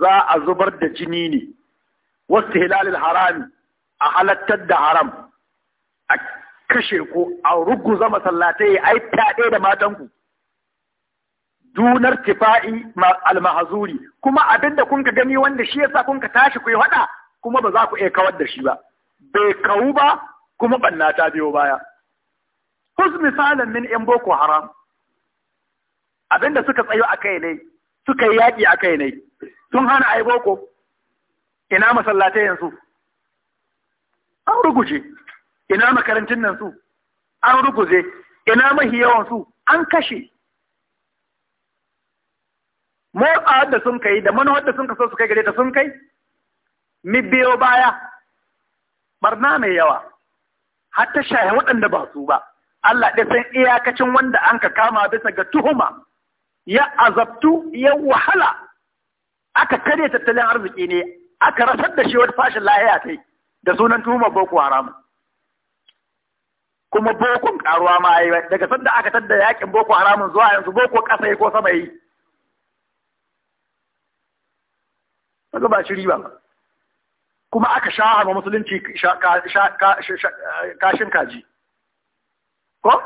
za a zubar da jini ne, wasu hilalil harami a halattar da haram. a kashe ku a ruguza masallatai yi fyaɗe da matanku dunar tifa'i almahazuri kuma abinda kun ka gani wanda shi yasa kun ka tashi ku yi haɗa kuma ba za ku iya kawar da shi ba bai kawu ba kuma banna ta biyo baya kus misalin min yan boko haram abinda suka tsayo a kai ne suka yi yaƙi a kai ne sun hana ai boko ina masallatai yanzu an ruguje ina makarantun nan su an ruguze ina mahi yawan su an kashe motsa da sun kai da mana da sun kaso su kai gare ta sun kai mi biyo baya barna mai yawa har ta shaye waɗanda ba su ba Allah ɗaya san iyakacin wanda an ka kama bisa ga tuhuma ya azabtu ya wahala aka karya tattalin arziki ne aka rasar da shi wata fashin lahiya ta da sunan tuhuma boko haram kuma bokon karuwa ma yi daga sanda aka tadda yakin boko haramun zuwa yanzu boko kasa ko sama yi daga ba shiri ba kuma aka sha ma musulunci kashin kaji ko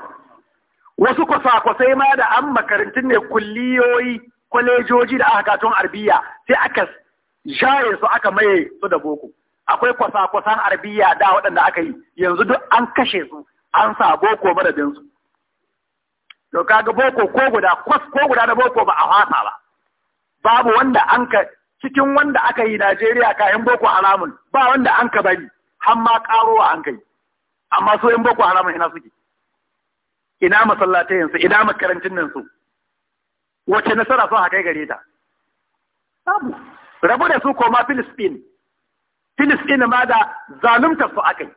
wasu kwasa-kwasai ma da an makarantun ne kulliyoyi kwalejoji da aka katon arbiya sai aka jaye su aka maye su da boko akwai kwasa-kwasan arbiya da waɗanda aka yi yanzu duk an kashe su an sa boko madadinsu to kaga boko ko guda kwas ko guda na boko ba a fata ba babu wanda an ka cikin wanda aka yi Najeriya kayan boko haramun ba wanda an ka bari har ma karowa an kai amma so yan boko haramun ina suke ina masallatai yansu ina makarantun nan su wace nasara so haka gare ta babu rabu da su koma Filistin Filistin ma da zalunta su akai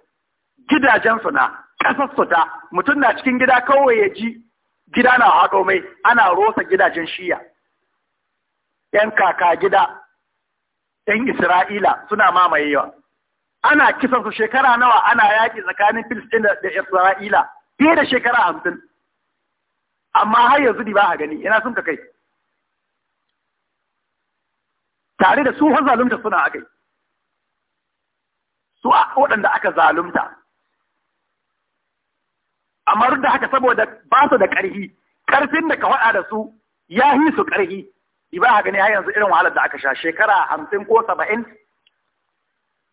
gidajen su na kasassuta mutum na cikin gida kawai ya ji gida na haɗo mai ana rosa gidajen shiya ‘yan kaka gida ‘yan Isra'ila suna mamayewa ana kisan su shekara nawa ana yaƙi tsakanin Filistin da Isra'ila fiye da shekara hamsin amma har yanzu ba a gani ina sun ka kai tare da su zalunta suna a kai su waɗanda aka zalunta amma duk da haka saboda ba su da ƙarfi ƙarfin da ka faɗa da su ya yi su ƙarfi ba a gani har yanzu irin wahalar da aka sha shekara hamsin ko saba'in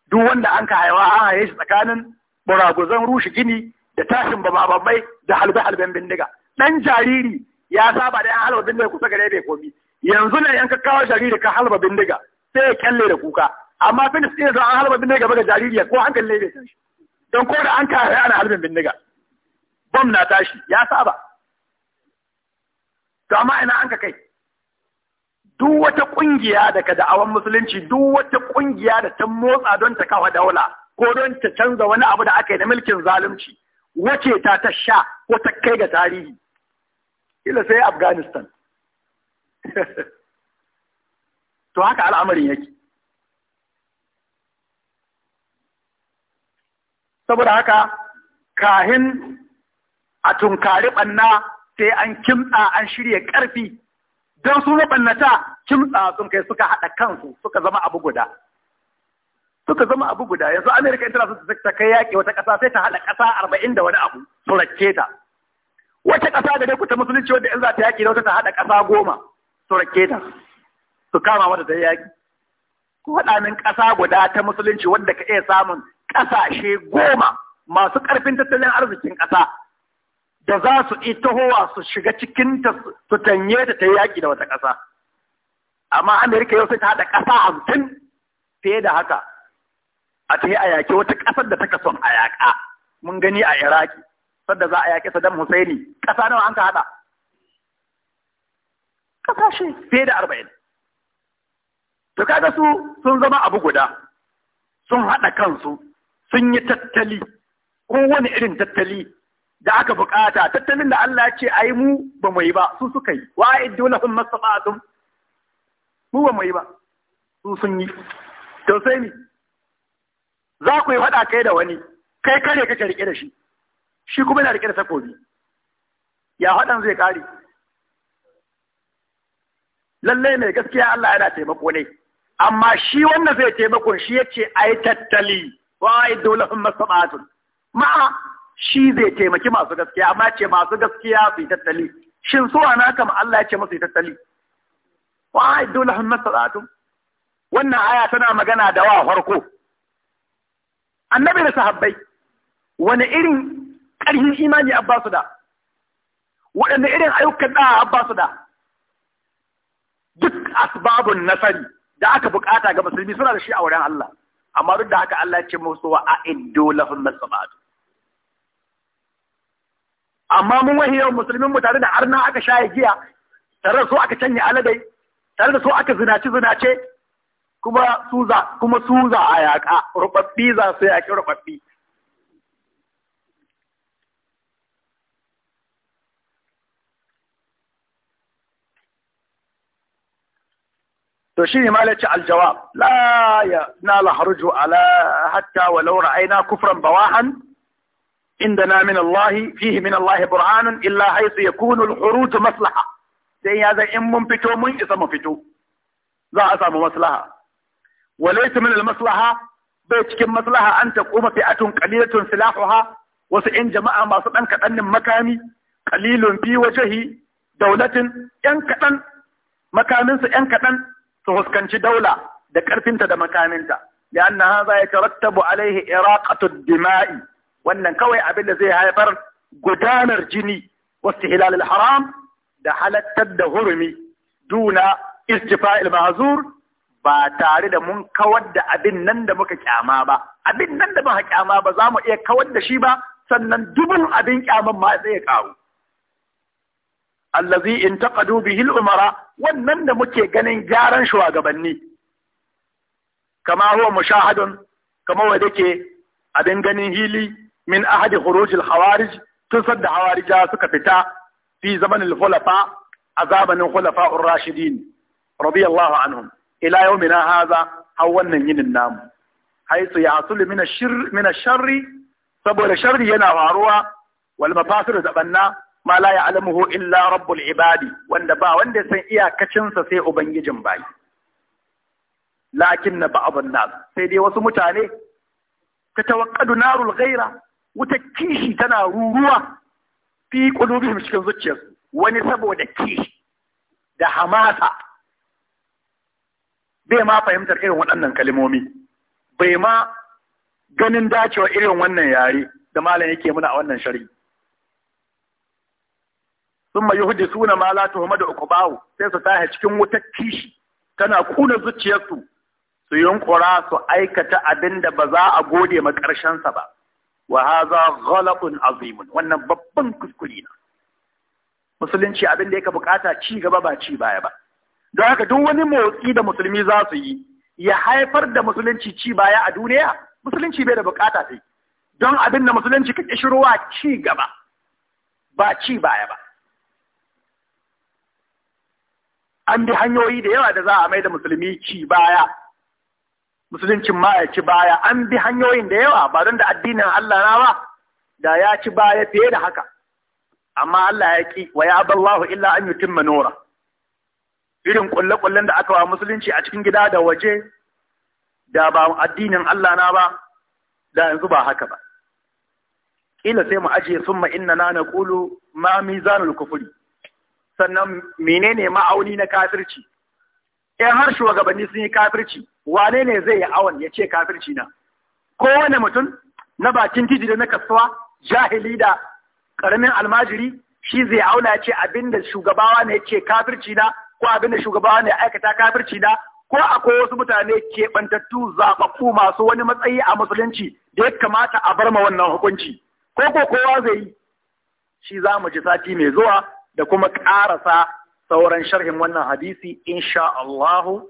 duk wanda an ka haiwa an haye shi tsakanin buraguzan rushe gini da tashin babababbai da halbe-halben bindiga ɗan jariri ya saba da yan halba bindiga kusa gare bai komi yanzu ne yan kakkawa jariri ka halba bindiga sai ya kyalle da kuka amma filistin da an halba bindiga ba ga jariri ko hankali ne bai san shi don ko da an ka haiwa ana halbin bindiga Gwamna na tashi ya saba to amma ina an ka kai duk wata kungiya da ka da'awan musulunci duk wata kungiya da ta motsa don ta kawo daula ko don ta canza wani abu da aka yi na mulkin zalunci wace ta ta sha ko ta kai ga tarihi ila sai afghanistan to haka al'amarin yake saboda haka kahin a tunkari ɓanna sai an kimtsa an shirya ƙarfi don su maɓannata kimtsa sun kai suka haɗa kansu suka zama abu guda suka zama abu guda yanzu amerika ita su ta kai yaƙi wata ƙasa sai ta haɗa ƙasa arba'in da wani abu su rakke ta wata ƙasa da dai kuta musulunci wadda in za ta yaƙi da wata ta haɗa ƙasa goma su rakke ta su kama mata ta yaƙi ko haɗa min ƙasa guda ta musulunci wadda ka iya samun ƙasashe goma masu ƙarfin tattalin arzikin ƙasa da za su itahowa su shiga cikin ta su tanye ta ta yaƙi da wata ƙasa amma amerika yau sai ta haɗa ƙasa hamsin fiye da haka a ta yi a yaƙi wata ƙasar da ta son a yaƙa mun gani a iraki sadda za a yaƙi saddam husaini ƙasa nawa an ka haɗa ƙasashe fiye da arba'in to kaga su sun zama abu guda sun haɗa kansu sun yi tattali kowane irin tattali da aka bukata tattalin da Allah ce ai mu ba mu yi ba su suka yi wa iddu lahum mastata'tum mu ba mu yi ba su sun yi to sai ni za ku yi faɗa kai da wani kai kare kake rike da shi shi kuma yana rike da takobi ya fadan zai kare lalle mai gaskiya Allah yana taimako ne amma shi wanda zai taimakon shi yace ai tattali wa iddu lahum mastata'tum ma'a shi zai taimaki masu gaskiya amma ce masu gaskiya su yi tattali shin so ana kam Allah ya ce masu yi tattali wa dole hannun masalatu wannan aya tana magana da wa farko annabi da sahabbai wani irin ƙarfin imani abbasu da waɗanne irin ayyukan da abbasu da duk asbabun nasari da aka bukata ga musulmi suna da shi a wurin Allah amma duk da haka Allah ya ce musu wa a'iddu lahum masabatu amma mun wahi yau musulmin mu tare da arna aka shaye giya tare da su aka canya aladai tare da su aka zinaci zinace kuma suza kuma suza za a yaƙa rubabbi za su yaƙi rubabbi to shi ne ma aljawab la ya nala harju ala hatta walau ra'ayna kufran bawahan na min Allah fihi min Allah burhanun illa haythu yakunu al hurutu maslaha sai ya zan in mun fito mun isa mu fito za a samu maslaha walaysa min al-maslaha bai cikin maslaha an ta kuma fi'atun qalilatun silahuha wasu in jama'a masu dan kadannin makami qalilun fi wajhi daulatin yan kadan makaminsu yan kadan su huskanci daula da karfinta da makaminta لأن هذا يترتب عليه إراقة الدماء wannan kawai abin da zai haifar gudanar jini wasu hilalil haram da halattar da hurumi duna istifa'il mazur ba tare da mun kawar da abin nan da muka kyama ba abin nan da muka kyama ba za mu iya kawar da shi ba sannan dubin abin kyaman ma zai karu allazi intaqadu bihi al-umara wannan da muke ganin gyaran shugabanni kama huwa mushahadun kama wanda ke abin ganin hili min ahadi khurujil hawarij tun sadda hawarija suka fita fi zamanin khulafa a zamanin khulafa rashidin radiyallahu anhum ila yawmina haza har wannan yinin namu haitu ya asulu min sharri saboda sharri yana faruwa wal mafasiru da banna ma la ya'lamuhu illa rabbul ibadi wanda ba wanda ya san iyakacinsa sai ubangijin bai lakin na abun an sai dai wasu mutane tatawaqqadu narul ghaira wuta kishi tana ruruwa fi qulubihim cikin zuciyarsu wani saboda kishi da hamasa bai ma fahimtar irin waɗannan kalmomi bai ma ganin dacewa irin wannan yare da malam yake muna a wannan shari'i sun mai yuhudi suna ma tuhuma da ukubawu sai su tahe cikin wutar kishi tana kuna zuciyarsu su yunkura su aikata abin da ba za a gode ma ƙarshensa ba wa haza ghalaqun azimun wannan babban kuskure ne musulunci abin da yake bukata ci gaba ba ci baya ba don haka duk wani motsi da musulmi za su yi ya haifar da musulunci ci baya a duniya musulunci bai da bukata sai don abin da musulunci ka kishirwa ci gaba ba ci baya ba an bi hanyoyi da yawa da za a mai da musulmi ci baya musuluncin ma ya ci baya an bi hanyoyin da yawa ba don da addinin Allah na ba da ya ci baya fiye da haka amma Allah ya ki wa ya illa an yutimma nura irin ƙulle kullen da aka wa musulunci a cikin gida da waje da ba addinin Allah na ba da yanzu ba haka ba kila sai mu ajiye summa inna na naqulu ma mizanul kufri sannan menene ma'auni na kafirci in har shugabanni sun yi kafirci wane ne zai yi awon ya ce kafirci na kowane mutum na bakin titi da na kasuwa jahili da karamin almajiri shi zai auna ya ce abinda shugabawa ne ce kafirci na ko abinda shugabawa ne aikata kafirci na ko akwai wasu mutane keɓantattu zaɓaɓɓu masu wani matsayi a musulunci da ya kamata a bar ma wannan hukunci ko ko kowa zai yi shi za mu ji sati mai zuwa da kuma ƙarasa sauran sharhin wannan hadisi insha Allahu